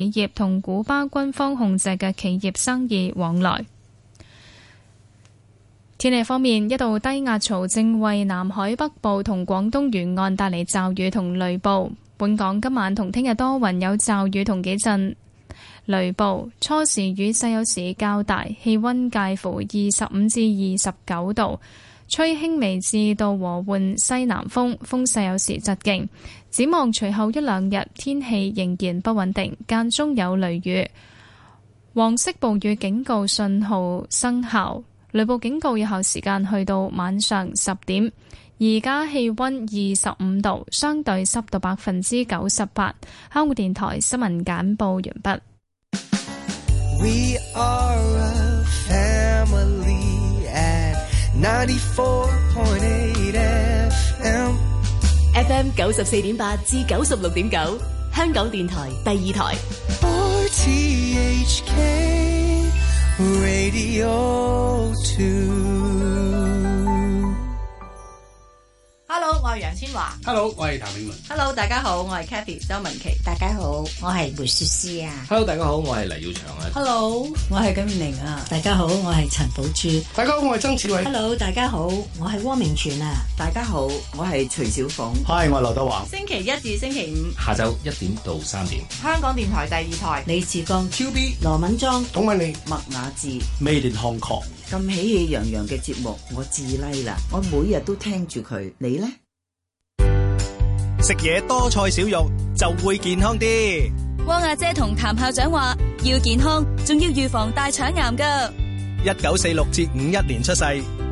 企業同古巴軍方控制嘅企業生意往來。天氣方面，一道低壓槽正為南海北部同廣東沿岸帶嚟驟雨同雷暴。本港今晚同聽日多雲有，有驟雨同幾陣雷暴，初時雨勢有時較大，氣溫介乎二十五至二十九度，吹輕微至到和緩西南風，風勢有時疾勁。展望隨後一兩日天氣仍然不穩定，間中有雷雨，黃色暴雨警告信號生效，雷暴警告有效時間去到晚上十點。而家氣溫二十五度，相對濕度百分之九十八。香港電台新聞簡報完畢。We are a FM 九十四點八至九十六點九，9，香港電台第二台。RTHK Radio 2。我係楊千嬅，Hello，我係譚詠麟，Hello，大家好，我係 Kathy 周文琪，大家好，我係梅雪詩啊，Hello，大家好，我係黎耀祥啊，Hello，我係金明玲啊，大家好，我係陳寶珠，大家好，我係曾志偉，Hello，大家好，我係汪明荃啊，大家好，我係徐小鳳，Hi，我係劉德華，星期一至星期五下晝一點到三點，香港電台第二台李志剛、QB、羅敏莊、董敏莉，麥雅緻。Made in Hong Kong，咁喜氣洋洋嘅節目，我自拉啦，我每日都聽住佢，你咧？食嘢多菜少肉就會健康啲。汪阿姐同譚校長話要健康，仲要預防大腸癌㗎。一九四六至五一年出世，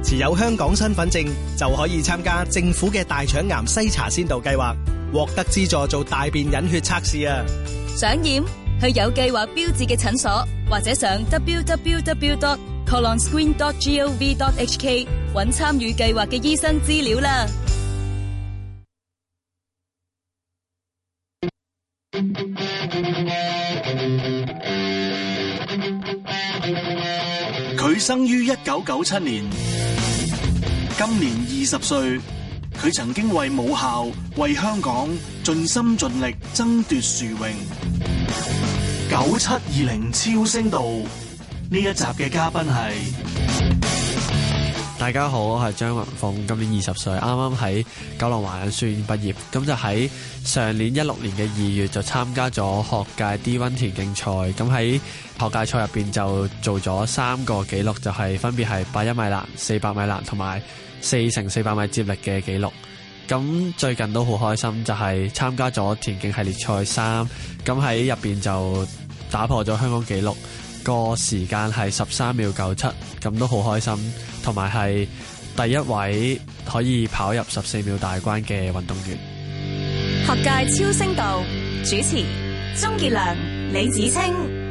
持有香港身份證就可以參加政府嘅大腸癌篩查先導計劃，獲得資助做大便隱血測試啊！想驗去有計劃標誌嘅診所，或者上 www dot colonscreen dot gov dot hk 揾參與計劃嘅醫生資料啦。生於一九九七年，今年二十歲，佢曾經為母校、為香港盡心盡力爭奪殊榮。九七二零超聲道呢一集嘅嘉賓係。大家好，我係張宏峰，今年二十歲，啱啱喺九龍華仁書院畢業，咁就喺上年一六年嘅二月就參加咗學界 D1 田徑賽，咁喺學界賽入邊就做咗三個紀錄，就係、是、分別係百一米欄、四百米欄同埋四乘四百米接力嘅紀錄，咁最近都好開心，就係、是、參加咗田徑系列賽三，咁喺入邊就打破咗香港紀錄。個時間係十三秒九七，咁都好開心，同埋係第一位可以跑入十四秒大關嘅運動員。學界超聲道主持鍾杰良、李芷菁。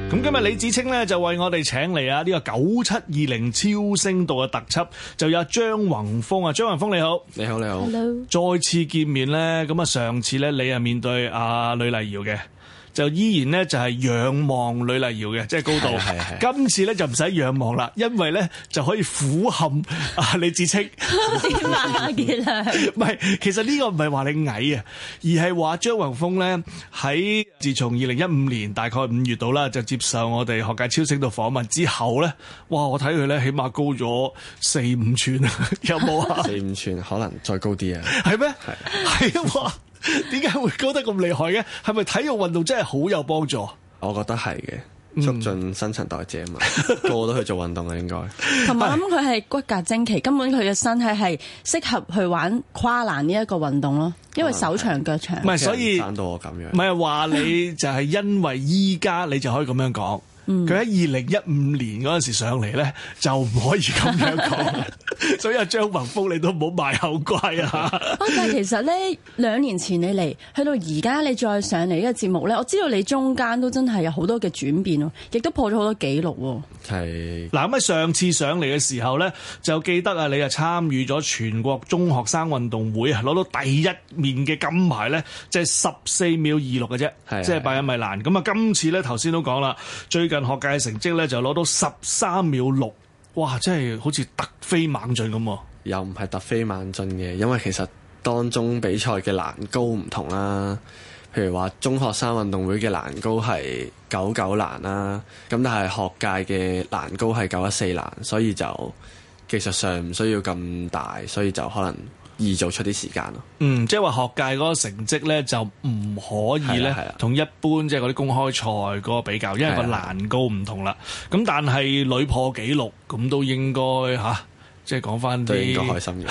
咁今日李芷菁咧就為我哋請嚟啊呢個九七二零超聲道嘅特輯，就是、有張宏峰啊，張宏峰你,你好，你好你好，Hello. 再次見面咧，咁啊上次咧你啊面對阿呂麗瑤嘅。呃就依然咧就係、是、仰望呂麗瑤嘅，即係高度。今次咧就唔使仰望啦，因為咧就可以俯瞰啊！李芷菁，你話點啊？唔係，其實呢個唔係話你矮啊，而係話張宏峰咧喺自從二零一五年大概五月度啦，就接受我哋《學界超聲》度訪問之後咧，哇！我睇佢咧起碼高咗四五寸啊，吋 有冇啊有？四五寸，可能再高啲啊？係咩嗎？係啊！點解會高得咁厲害嘅？係咪體育運動真係好有幫助？我覺得係嘅，促進新陳代謝啊嘛，個、嗯、 個都去做運動啊，應該。同埋諗佢係骨骼精奇， 根本佢嘅身體係適合去玩跨欄呢一個運動咯，因為手長腳長。唔係、嗯、所以撐到我咁樣。唔係話你就係因為依家你就可以咁樣講。佢喺二零一五年嗰陣時上嚟咧，就唔可以咁樣講， 所以阿張宏峰你都唔好賣口乖啊！ 但係其實咧，兩年前你嚟，去到而家你再上嚟呢個節目咧，我知道你中間都真係有好多嘅轉變咯，亦都破咗好多紀錄喎。嗱咁是啊，上次上嚟嘅時候咧，就記得啊，你啊參與咗全國中學生運動會啊，攞到第一面嘅金牌咧，即係十四秒二六嘅啫，即係百米欄。咁啊，今次咧頭先都講啦，最近。學界嘅成績咧就攞到十三秒六，哇！真係好似突飛猛進咁。又唔係突飛猛進嘅，因為其實當中比賽嘅欄高唔同啦。譬如話中學生運動會嘅欄高係九九欄啦，咁但係學界嘅欄高係九一四欄，所以就技術上唔需要咁大，所以就可能。而做出啲時間咯，嗯，即係話學界嗰個成績咧就唔可以咧同、啊啊、一般即係嗰啲公開賽嗰個比較，因為個欄高唔同啦。咁、啊、但係女破紀錄咁都應該嚇，即係講翻都應該開心嘅。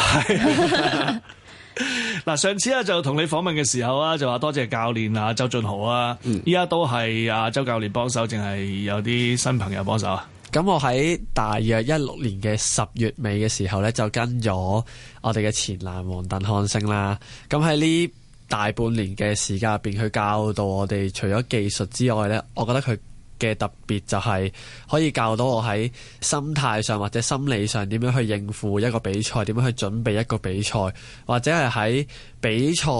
嗱、啊， 上次啊就同你訪問嘅時候啊，就話多謝，謝教練啊，周俊豪啊，依家、嗯、都係阿、啊、周教練幫手，定係有啲新朋友幫手啊？咁我喺大約一六年嘅十月尾嘅時候呢，就跟咗我哋嘅前欄王鄧漢星啦。咁喺呢大半年嘅時間入邊，佢教導我哋除咗技術之外呢，我覺得佢嘅特別就係可以教導我喺心態上或者心理上點樣去應付一個比賽，點樣去準備一個比賽，或者係喺比賽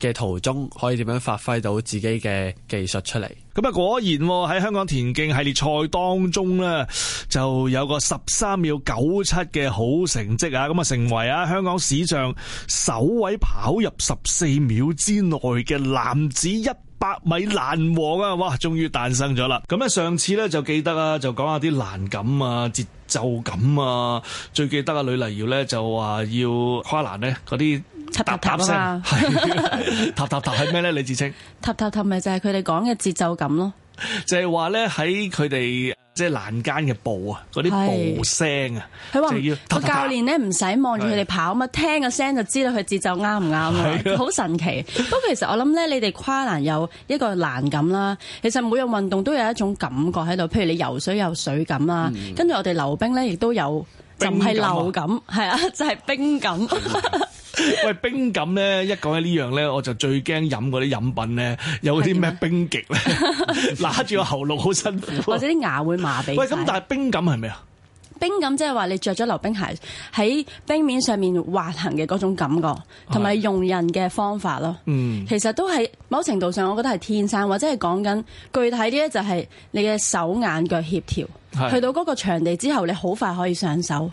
嘅途中可以點樣發揮到自己嘅技術出嚟？咁啊果然喺、啊、香港田徑系列賽當中咧，就有個十三秒九七嘅好成績啊！咁啊，成為啊香港史上首位跑入十四秒之內嘅男子一百米欄王啊！哇，終於誕生咗啦！咁啊上次咧就記得啊，就講下啲欄感啊、節奏感啊，最記得啊呂麗瑤咧就話要跨欄咧嗰啲。塔塔嗒聲，係塔塔嗒係咩咧？李芷菁，塔塔塔咪就係佢哋講嘅節奏感咯，就係話咧喺佢哋即係欄間嘅步啊，嗰啲步聲啊。佢話個教練咧唔使望住佢哋跑嘛，聽個聲就知道佢節奏啱唔啱咯，好神奇。不過其實我諗咧，你哋跨欄有一個欄感啦，其實每樣運動都有一種感覺喺度，譬如你游水有水感啊，跟住我哋溜冰咧亦都有，就唔係流感，係啊，就係冰感。喂，冰感咧，一講起呢樣咧，我就最驚飲嗰啲飲品咧，有啲咩冰極咧，嗱住個喉嚨好辛苦， 或者啲牙會麻痹。喂，咁但係冰感係咪啊？冰感即係話你着咗溜冰鞋喺冰面上面滑行嘅嗰種感覺，同埋用人嘅方法咯。嗯的，其實都係某程度上，我覺得係天生，或者係講緊具體啲咧，就係你嘅手眼腳協調，的去到嗰個場地之後，你好快可以上手。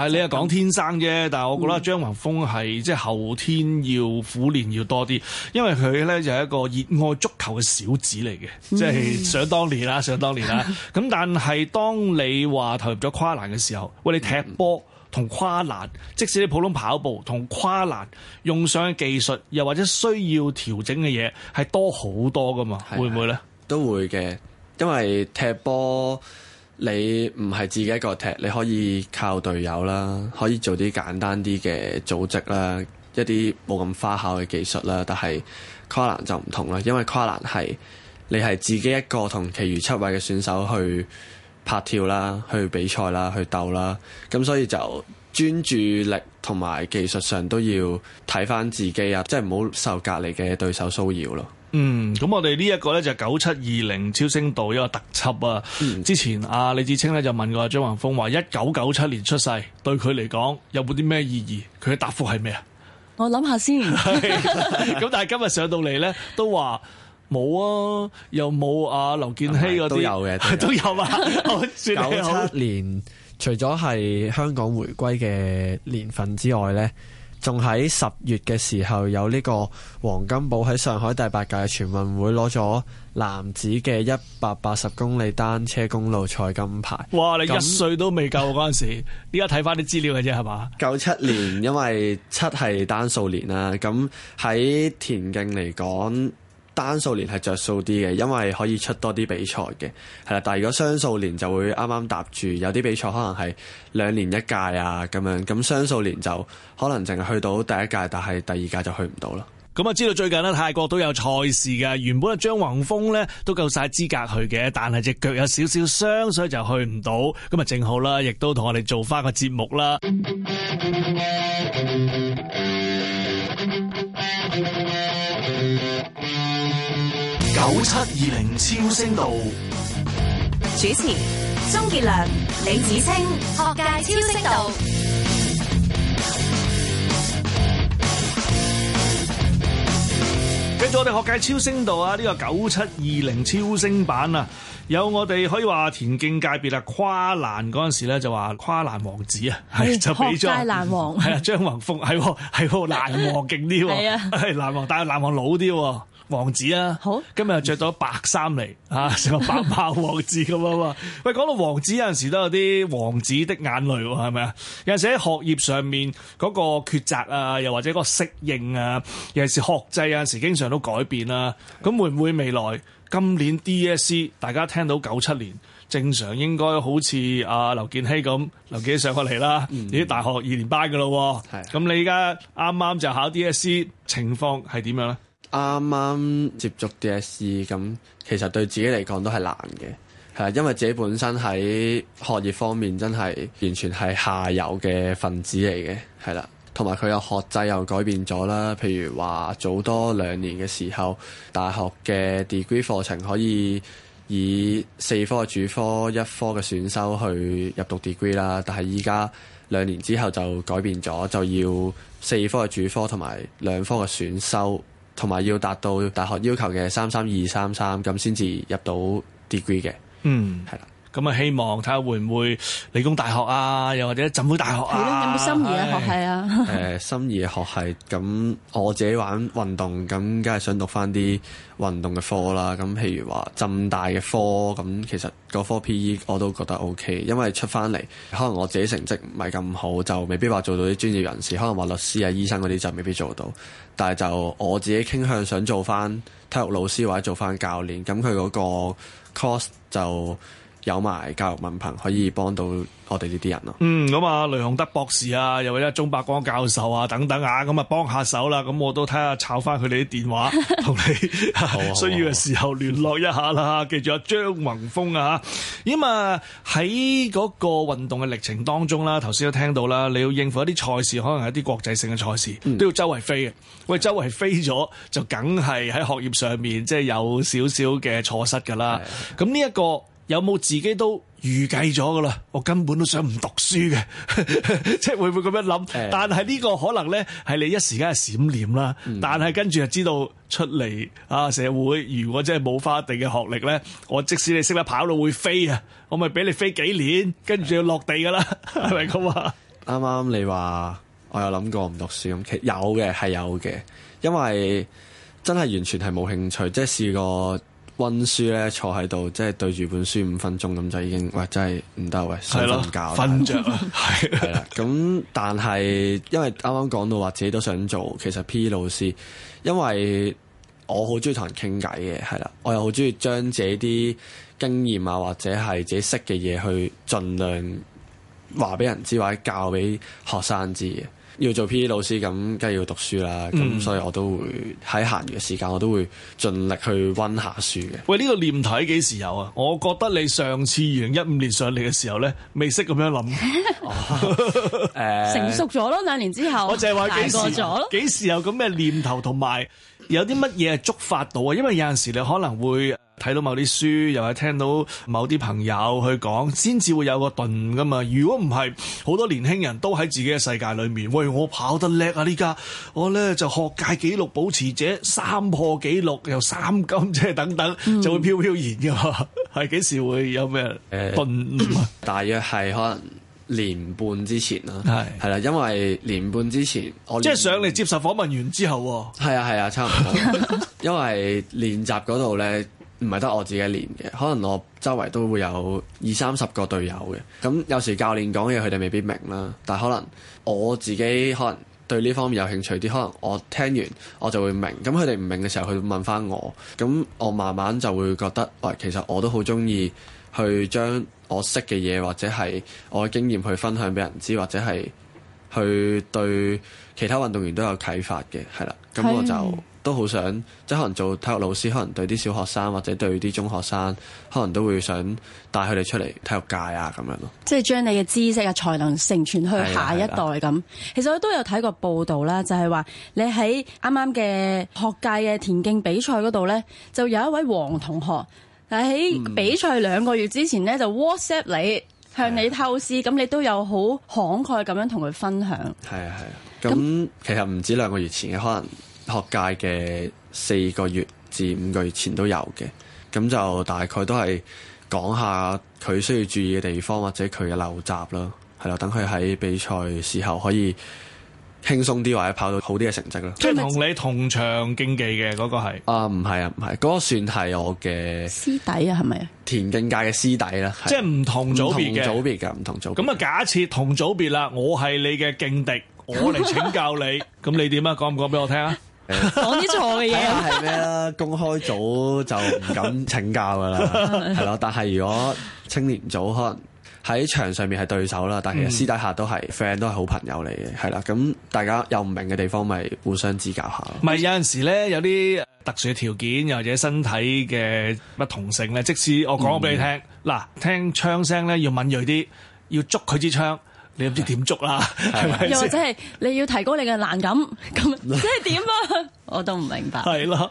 但係你係講天生啫，但係我覺得張宏峰係即係後天要苦練要多啲，因為佢呢就係一個熱愛足球嘅小子嚟嘅，即係想當年啦、啊，想當年啦、啊。咁但係當你話投入咗跨欄嘅時候，喂，你踢波同跨欄，即使你普通跑步同跨欄，用上嘅技術又或者需要調整嘅嘢係多好多㗎嘛？的會唔會呢？都會嘅，因為踢波。你唔係自己一個踢，你可以靠隊友啦，可以做啲簡單啲嘅組織啦，一啲冇咁花巧嘅技術啦。但係跨欄就唔同啦，因為跨欄係你係自己一個同其餘七位嘅選手去拍跳啦、去比賽啦、去鬥啦。咁所以就專注力同埋技術上都要睇翻自己啊，即係唔好受隔離嘅對手騷擾咯。嗯，咁我哋呢一個咧就九七二零超聲道一個特輯啊。嗯、之前阿、啊、李芷菁咧就問過張宏峰話：一九九七年出世對佢嚟講有冇啲咩意義？佢嘅答覆係咩啊？我諗下先是。咁 但係今日上到嚟咧都話冇啊，又冇阿劉建熙嗰啲都有嘅、啊，都有啊。九七年除咗係香港回歸嘅年份之外咧。仲喺十月嘅時候有呢個黃金寶喺上海第八屆全運會攞咗男子嘅一百八十公里單車公路賽金牌。哇！你一歲都未夠嗰陣時，依家睇翻啲資料嘅啫係嘛？九七年因為七係單數年啦，咁喺田徑嚟講。單數年係着數啲嘅，因為可以出多啲比賽嘅，係啦。但係如果雙數年就會啱啱搭住，有啲比賽可能係兩年一屆啊咁樣，咁雙數年就可能淨係去到第一屆，但係第二屆就去唔到啦。咁啊，知道最近咧泰國都有賽事嘅，原本張宏峰呢都夠晒資格去嘅，但係隻腳有少少傷，所以就去唔到。咁啊，正好啦，亦都同我哋做翻個節目啦。 九七二零超聲度，主持鍾傑良、李芷菁。學界超聲度，跟住我哋學界超聲度啊！呢、這個九七二零超聲版啊，有我哋可以話田徑界別啊，跨欄嗰陣時咧就話跨欄王子啊，係是是就俾咗。學界欄王係啊，張宏峰係係欄王勁啲係啊，係欄王，但係欄王老啲。王子啊，好，今日又着咗白衫嚟，吓成 個白袍王子咁啊喂，講 到王子有陣時都有啲王子的眼淚，係咪啊？有陣時喺學業上面嗰、那個抉擇啊，又或者嗰個適應啊，有其是尤其是學制有陣時經常都改變啦、啊。咁會唔會未來今年 d s e 大家聽到九七年正常應該好似阿劉建熙咁，劉建熙上過嚟啦，你啲、嗯、大學二年班噶啦、啊。係的，咁你而家啱啱就考 d s e 情況係點樣咧？啱啱接觸 DSE 咁，其實對自己嚟講都係難嘅，係啊，因為自己本身喺學業方面真係完全係下游嘅分子嚟嘅，係啦，同埋佢又學制又改變咗啦。譬如話早多兩年嘅時候，大學嘅 degree 課程可以以四科嘅主科一科嘅選修去入讀 degree 啦，但係依家兩年之後就改變咗，就要四科嘅主科同埋兩科嘅選修。同埋要達到大學要求嘅三三二三三，咁先至入到 degree 嘅，嗯，係喇。咁啊！希望睇下會唔會理工大學啊，又或者浸會大學啊？係咯，有冇心儀嘅學系啊？誒、哎呃，心儀嘅學系咁，我自己玩運動咁，梗係想讀翻啲運動嘅科啦。咁譬如話浸大嘅科咁，其實嗰科 P.E. 我都覺得 O.K.，因為出翻嚟可能我自己成績唔係咁好，就未必話做到啲專業人士，可能話律師啊、醫生嗰啲就未必做到。但係就我自己傾向想做翻體育老師或者做翻教練，咁佢嗰個 course 就。有埋教育文憑可以幫到我哋呢啲人咯。嗯，咁啊，雷洪德博士啊，又或者鍾伯光教授等等啊，等等啊，咁啊幫下手啦。咁我都睇下抄返佢哋啲電話，同你需要嘅時候聯絡一下啦。 記住阿張宏峰啊，咁啊喺嗰個運動嘅歷程當中啦，頭先都聽到啦，你要應付一啲賽事，可能係一啲國際性嘅賽事，嗯，都要周圍飛嘅。喂，周圍飛咗就梗係喺學業上面即係有少少嘅錯失㗎啦。咁呢一個。有冇自己都預計咗㗎啦？我根本都想唔讀書嘅， 即係會唔會咁樣諗？欸、但係呢個可能呢，係你一時間嘅閃念啦。嗯、但係跟住就知道出嚟啊社會，如果真係冇花一定嘅學歷呢，我即使你識得跑路會飛啊，我咪俾你飛幾年，跟住要落地㗎啦，係咪咁啊？啱啱你話我有諗過唔讀書咁，其實有嘅係有嘅，因為真係完全係冇興趣，即係試過。溫書咧，坐喺度，即係對住本書五分鐘咁，就已經喂，真係唔得喂，想瞓覺瞓着係啦。咁但係因為啱啱講到話自己都想做，其實 PE 老師，因為我好中意同人傾偈嘅，係啦，我又好中意將自己啲經驗啊，或者係自己識嘅嘢去盡量話俾人知，或者教俾學生知嘅。要做 P. E. 老師咁，梗係要讀書啦。咁、嗯、所以我都會喺閒餘嘅時間，我都會盡力去温下書嘅。喂，呢個念頭幾時有啊？我覺得你上次二零一五年上嚟嘅時候咧，未識咁樣諗。誒，成熟咗咯，兩年之後。我淨係話幾時有？幾時有咁嘅念頭同埋有啲乜嘢係觸發到啊？因為有陣時你可能會。睇到某啲書，又係聽到某啲朋友去講，先至會有個頓噶嘛。如果唔係，好多年輕人都喺自己嘅世界裏面。喂，我跑得叻啊！呢家我咧就學界紀錄保持者，三破紀錄又三金，即係等等就會飄飄然㗎嘛。係 幾時會有咩誒頓？呃、 大約係可能年半之前啦。係係啦，因為年半之前，我即係上嚟接受訪問完之後。係啊係啊，差唔多。 因為練習嗰度咧。唔係得我自己練嘅，可能我周圍都會有二三十個隊友嘅。咁有時教練講嘢，佢哋未必明啦。但係可能我自己可能對呢方面有興趣啲，可能我聽完我就會明。咁佢哋唔明嘅時候，佢問翻我。咁我慢慢就會覺得，喂，其實我都好中意去將我識嘅嘢或者係我嘅經驗去分享俾人知，或者係去對其他運動員都有啟發嘅，係啦。咁我就。都好想，即係可能做體育老師，可能對啲小學生或者對啲中學生，可能都會想帶佢哋出嚟體育界啊咁樣咯。即係將你嘅知識啊才能成全去下一代咁。其實我都有睇過報道啦，就係話，你喺啱啱嘅學界嘅田徑比賽嗰度咧，就有一位黃同學，喺比賽兩個月之前咧就 WhatsApp 你，向你透視，咁的你都有好慷慨咁樣同佢分享。係啊係啊，咁那其實唔止兩個月前嘅，可能。學界嘅四個月至五個月前都有嘅，咁就大概都係講下佢需要注意嘅地方或者佢嘅陋習啦，係咯，等佢喺比賽時候可以輕鬆啲或者跑到好啲嘅成績咯。即係同你同場競技嘅嗰個係啊，唔係啊，唔係啊，嗰個算係我嘅師弟啊，係咪田徑界嘅師弟啦？即係唔同組別嘅唔同組。咁啊，假設同組別啦，我係你嘅勁敵，我嚟請教你，咁 你點啊？講唔講俾我聽啊？講啲錯嘅嘢，係咩啦？公開組就唔敢請教噶啦，係咯。 但係如果青年組可能喺場上面係對手啦，但係私底下都係 friend，都係好朋友嚟嘅，係啦。咁大家有唔明嘅地方，咪互相指教下咯。唔係有陣時咧，有啲特殊嘅條件，又或者身體嘅不同性咧，即使我講咗俾你、嗯、聽，嗱，聽槍聲咧要敏銳啲，要捉佢支槍。你唔知點捉啦，又或者係你要提高你嘅難感，咁即係點啊？ 我都唔明白。係啦，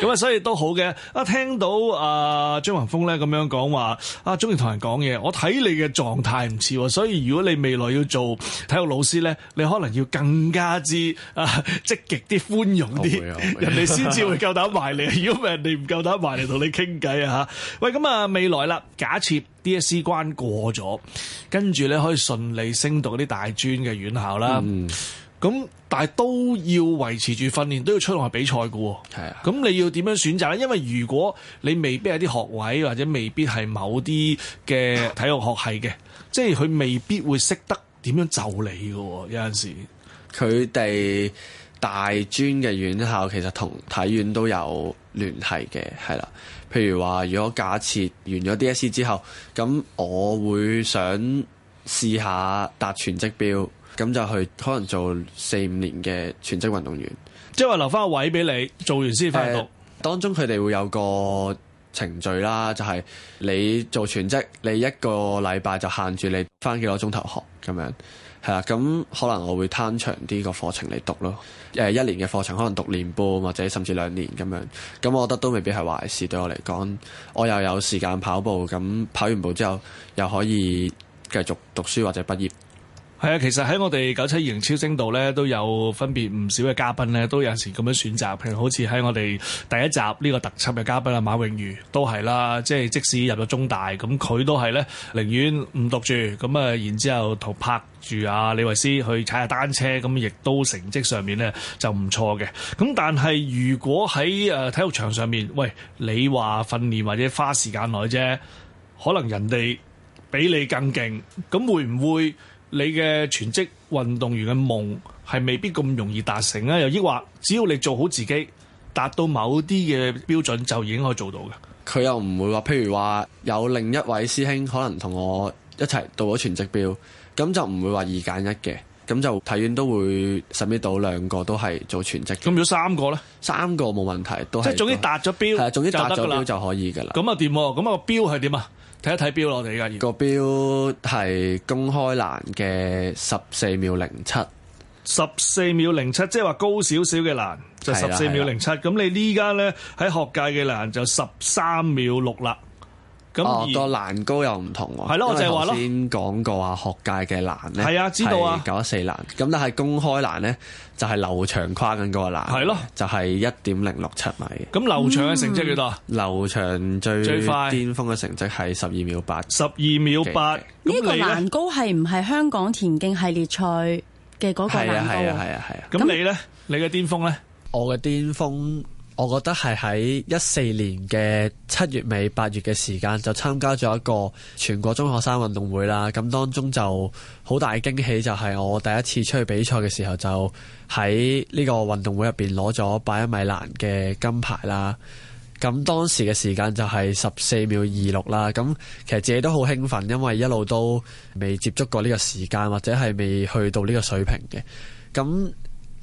咁啊，所以都好嘅。一聽到阿、呃、張宏峰咧咁樣講話，啊，中意同人講嘢。我睇你嘅狀態唔似、哦，所以如果你未來要做體育老師咧，你可能要更加之啊積極啲、寬容啲， 人哋先至會夠膽埋 你。如果唔係，人哋唔夠膽埋嚟同你傾偈啊嚇。喂，咁啊，未來啦，假設 DSE 關過咗，跟住咧可以順利升讀啲大專嘅院校啦。嗯咁，但係都要維持住訓練，都要出外比賽嘅喎。係啊的，咁你要點樣選擇咧？因為如果你未必有啲學位，或者未必係某啲嘅體育學系嘅， 即係佢未必會識得點樣就你嘅喎。有陣時，佢哋大專嘅院校其實同體院都有聯繫嘅，係啦。譬如話，如果假設完咗 DSE 之後，咁我會想試下達全職標。咁就去可能做四五年嘅全職運動員，即係話留翻個位俾你做完先翻嚟讀。當中佢哋會有個程序啦，就係、是、你做全職，你一個禮拜就限住你翻幾個鐘頭學咁樣，係啊，咁可能我會攤長啲個課程嚟讀咯。誒，一年嘅課程可能讀年半或者甚至兩年咁樣。咁我覺得都未必係壞事對我嚟講，我又有時間跑步。咁跑完步之後又可以繼續讀書或者畢業。係啊，其實喺我哋九七二型超星度咧，都有分別唔少嘅嘉賓咧，都有陣時咁樣選擇。譬如好似喺我哋第一集呢個特輯嘅嘉賓啊，馬永裕都係啦，即係即使入咗中大，咁佢都係咧寧願唔讀住，咁啊，然之後同拍住啊，李維斯去踩下單車，咁亦都成績上面咧就唔錯嘅。咁但係如果喺誒體育場上面，喂，你話訓練或者花時間耐啫，可能人哋比你更勁，咁會唔會？你嘅全職運動員嘅夢係未必咁容易達成啊！又抑或只要你做好自己，達到某啲嘅標準，就已經可以做到嘅。佢又唔會話，譬如話有另一位師兄可能同我一齊到咗全職標，咁就唔會話二揀一嘅。咁就體院都會審覈到兩個都係做全職。咁如果三個咧，三個冇問題都係。即係總之達咗標，係啊，總之達咗標就可以㗎啦。咁啊掂？咁啊個標係點啊？那個睇一睇標，我哋而家個標係公開欄嘅十四秒零七，十四秒零七，即係話高少少嘅欄就十四秒零七。咁你呢家咧喺學界嘅欄就十三秒六啦。咁、哦、而個欄高又唔同喎。係咯的，我就係話咯。先講過啊，學界嘅欄咧，係啊，知道啊，九一四欄。咁但係公開欄咧。就係劉翔跨緊嗰個欄，係咯的，就係一點零六七米。咁劉翔嘅成績幾多啊？劉翔最最快巔峰嘅成績係十二秒八，十二秒八。呢個欄高係唔係香港田徑系列賽嘅嗰個欄高啊？是是係啊係啊係啊係啊。咁你咧，你嘅巔峰咧？我嘅巔峰。我覺得係喺一四年嘅七月尾八月嘅時間就參加咗一個全國中學生運動會啦。咁當中就好大驚喜就係、是、我第一次出去比賽嘅時候就喺呢個運動會入邊攞咗百一米欄嘅金牌啦。咁當時嘅時間就係十四秒二六啦。咁其實自己都好興奮，因為一路都未接觸過呢個時間或者係未去到呢個水平嘅。咁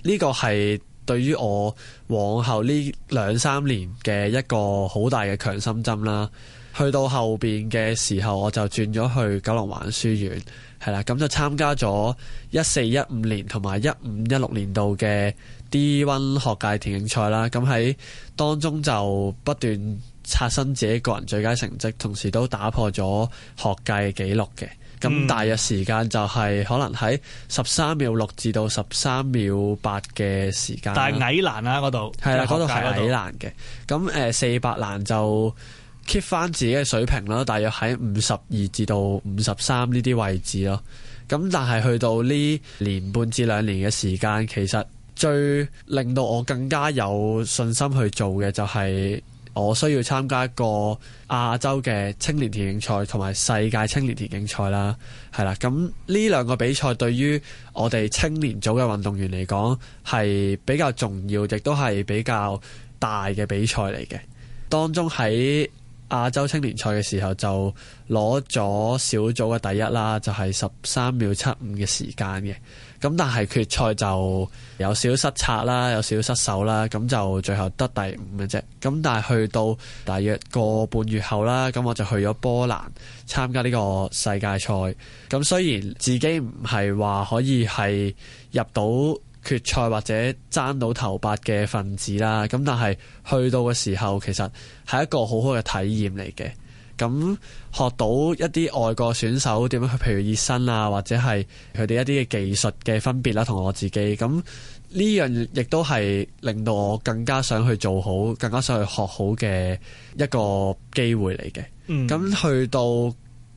呢個係。對於我往後呢兩三年嘅一個好大嘅強心針啦，去到後邊嘅時候，我就轉咗去九龍灣書院係啦，咁就參加咗一四一五年同埋一五一六年度嘅 D1 學界田徑賽啦。咁喺當中就不斷刷新自己個人最佳成績，同時都打破咗學界紀錄嘅。咁、嗯、大約時間就係可能喺十三秒六至到十三秒八嘅時間，但係矮欄啊，嗰度，係啦，嗰度係矮欄嘅。咁誒四百欄就 keep 翻自己嘅水平啦，大約喺五十二至到五十三呢啲位置咯。咁但係去到呢年半至兩年嘅時間，其實最令到我更加有信心去做嘅就係、是。我需要參加一個亞洲嘅青年田徑賽同埋世界青年田徑賽啦，係啦。咁呢兩個比賽對於我哋青年組嘅運動員嚟講係比較重要，亦都係比較大嘅比賽嚟嘅。當中喺亞洲青年賽嘅時候就攞咗小組嘅第一啦，就係十三秒七五嘅時間嘅。咁但係決賽就有少失策啦，有少失手啦，咁就最後得第五嘅啫。咁但係去到大約個半月後啦，咁我就去咗波蘭參加呢個世界賽。咁雖然自己唔係話可以係入到決賽或者爭到頭八嘅份子啦，咁但係去到嘅時候，其實係一個好好嘅體驗嚟嘅。咁學到一啲外國選手點樣去，譬如熱身啊，或者係佢哋一啲嘅技術嘅分別啦，啊，同我自己咁呢樣亦都係令到我更加想去做好，更加想去學好嘅一個機會嚟嘅。咁、嗯、去到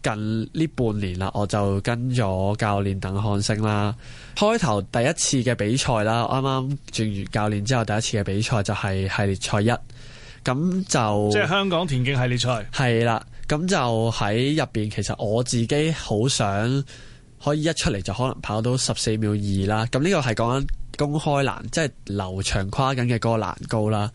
近呢半年啦，我就跟咗教練鄧漢星啦。開頭第一次嘅比賽啦，啱啱轉完教練之後，第一次嘅比賽就係系列賽一。咁就即係香港田徑系列賽，係啦。 咁就喺入邊，其實我自己好想可以一出嚟，就可能跑到十四秒二啦。咁呢個係講緊公開欄，即係劉翔跨緊嘅嗰個欄高啦。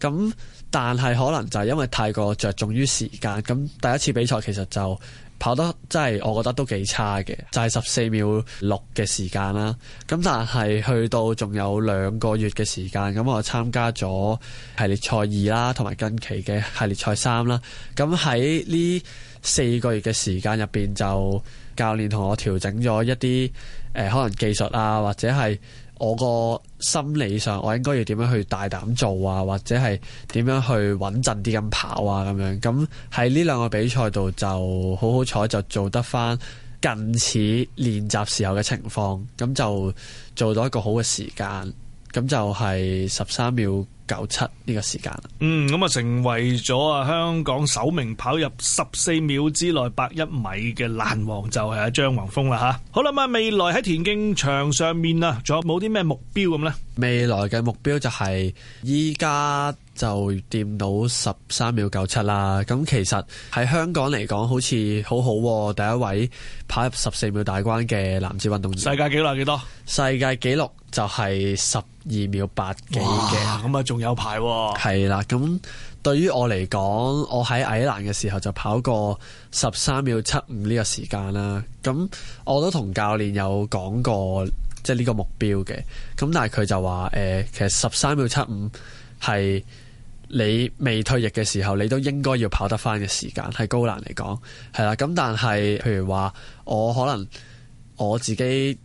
咁但係可能就係因為太過着重於時間，咁第一次比賽其實就。跑得真係，我覺得都幾差嘅，就係十四秒六嘅時間啦。咁但係去到仲有兩個月嘅時間，咁我參加咗系列賽二啦，同埋近期嘅系列賽三啦。咁喺呢四個月嘅時間入邊，就教練同我調整咗一啲誒、呃，可能技術啊，或者係。我個心理上，我應該要點樣去大膽做啊，或者係點樣去穩陣啲咁跑啊，咁樣咁喺呢兩個比賽度就好好彩，就做得返近似練習時候嘅情況，咁就做到一個好嘅時間。咁就係十三秒九七呢個時間。嗯，咁啊成為咗啊香港首名跑入十四秒之內百一米嘅欄王就係阿張宏峰啦吓。好啦，啊未來喺田徑場上面啊，仲有冇啲咩目標咁呢？未來嘅目標就係依家就掂到十三秒九七啦。咁其實喺香港嚟講，好似好好啊。第一位跑入十四秒大關嘅男子運動員，世界紀錄係幾多？世界紀錄。就係十二秒八幾嘅，咁啊仲有排。係啦，咁對於我嚟講，我喺矮欄嘅時候就跑過十三秒七五呢個時間啦。咁我都同教練有講過，即係呢個目標嘅。咁但係佢就話，誒、呃，其實十三秒七五係你未退役嘅時候，你都應該要跑得翻嘅時間，係高欄嚟講，係啦。咁但係，譬如話我可能我自己。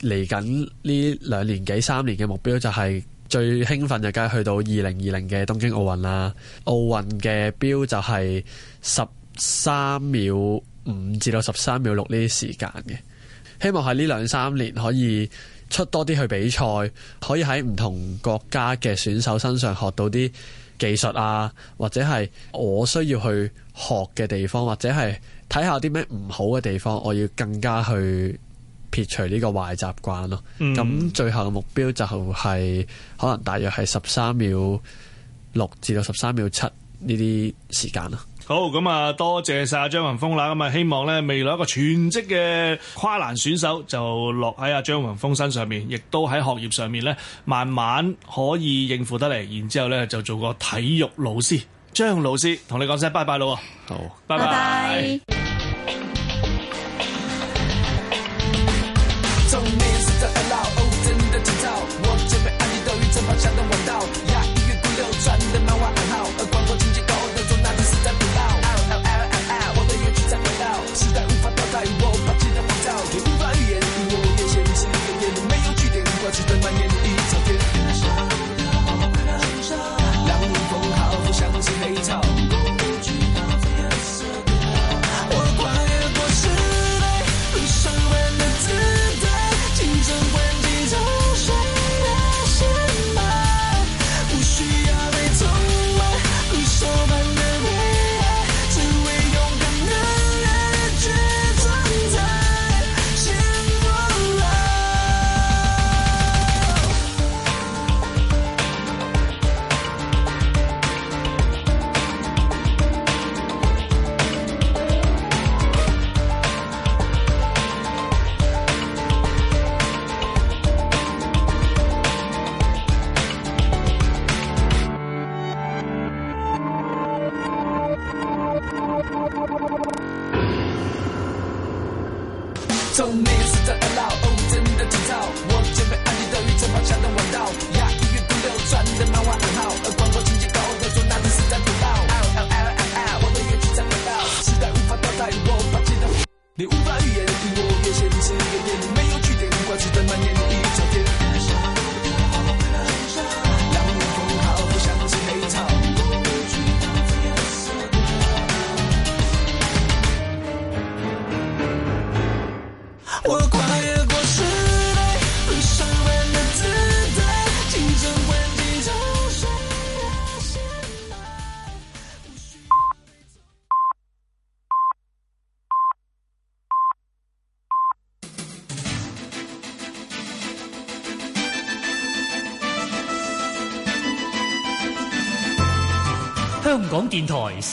嚟緊呢兩年幾三年嘅目標就係最興奮就梗係去到二零二零嘅東京奧運啦。奧運嘅標就係十三秒五至到十三秒六呢啲時間嘅。希望喺呢兩三年可以出多啲去比賽，可以喺唔同國家嘅選手身上學到啲技術啊，或者係我需要去學嘅地方，或者係睇下啲咩唔好嘅地方，我要更加去。撇除呢個壞習慣咯，咁、嗯、最後嘅目標就係可能大約係十三秒六至到十三秒七呢啲時間咯。好，咁啊多謝晒張宏峰啦，咁啊希望咧未來一個全職嘅跨欄選手就落喺阿張宏峰身上面，亦都喺學業上面呢，慢慢可以應付得嚟，然之後呢，就做個體育老師，張老師同你講聲拜拜咯！好，拜拜 bye。Bye bye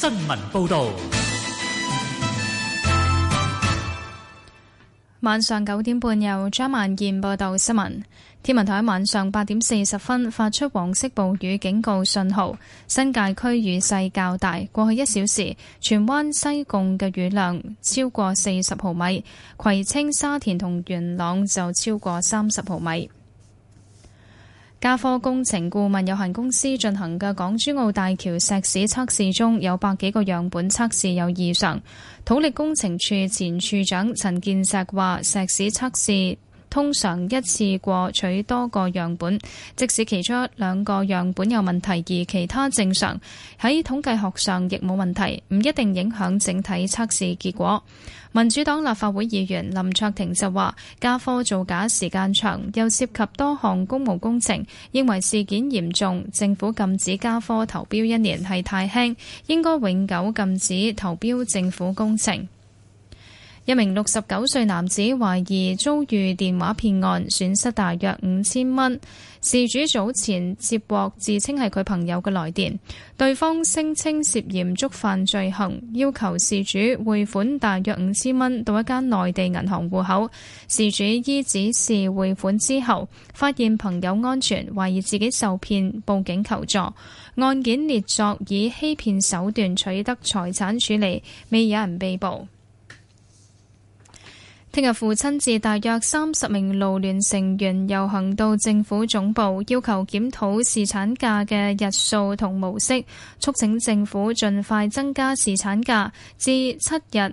新聞報道。晚上九點半由，由張萬健報道新聞。天文台晚上八點四十分發出黃色暴雨警告信號，新界區雨勢較大。過去一小時，荃灣、西貢嘅雨量超過四十毫米，葵青、沙田同元朗就超過三十毫米。嘉科工程顧問有限公司進行嘅港珠澳大橋石屎測試中，有百幾個樣本測試有異常。土力工程處前處長陳建石話：石屎測試。通常一次過取多個樣本，即使其中兩個樣本有問題而其他正常，喺統計學上亦冇問題，唔一定影響整體測試結果。民主黨立法會議員林卓廷就話：加科造假時間長，又涉及多項公務工程，認為事件嚴重，政府禁止加科投標一年係太輕，應該永久禁止投標政府工程。一名六十九歲男子懷疑遭遇電話騙案，損失大約五千蚊。事主早前接獲自稱係佢朋友嘅來電，對方聲稱涉嫌觸犯罪行，要求事主匯款大約五千蚊到一間內地銀行戶口。事主依指示匯款之後，發現朋友安全，懷疑自己受騙，報警求助。案件列作以欺騙手段取得財產處理，未有人被捕。聽日，父親節，大約三十名勞聯成員遊行到政府總部，要求檢討侍產假嘅日數同模式，促請政府盡快增加侍產假至七日。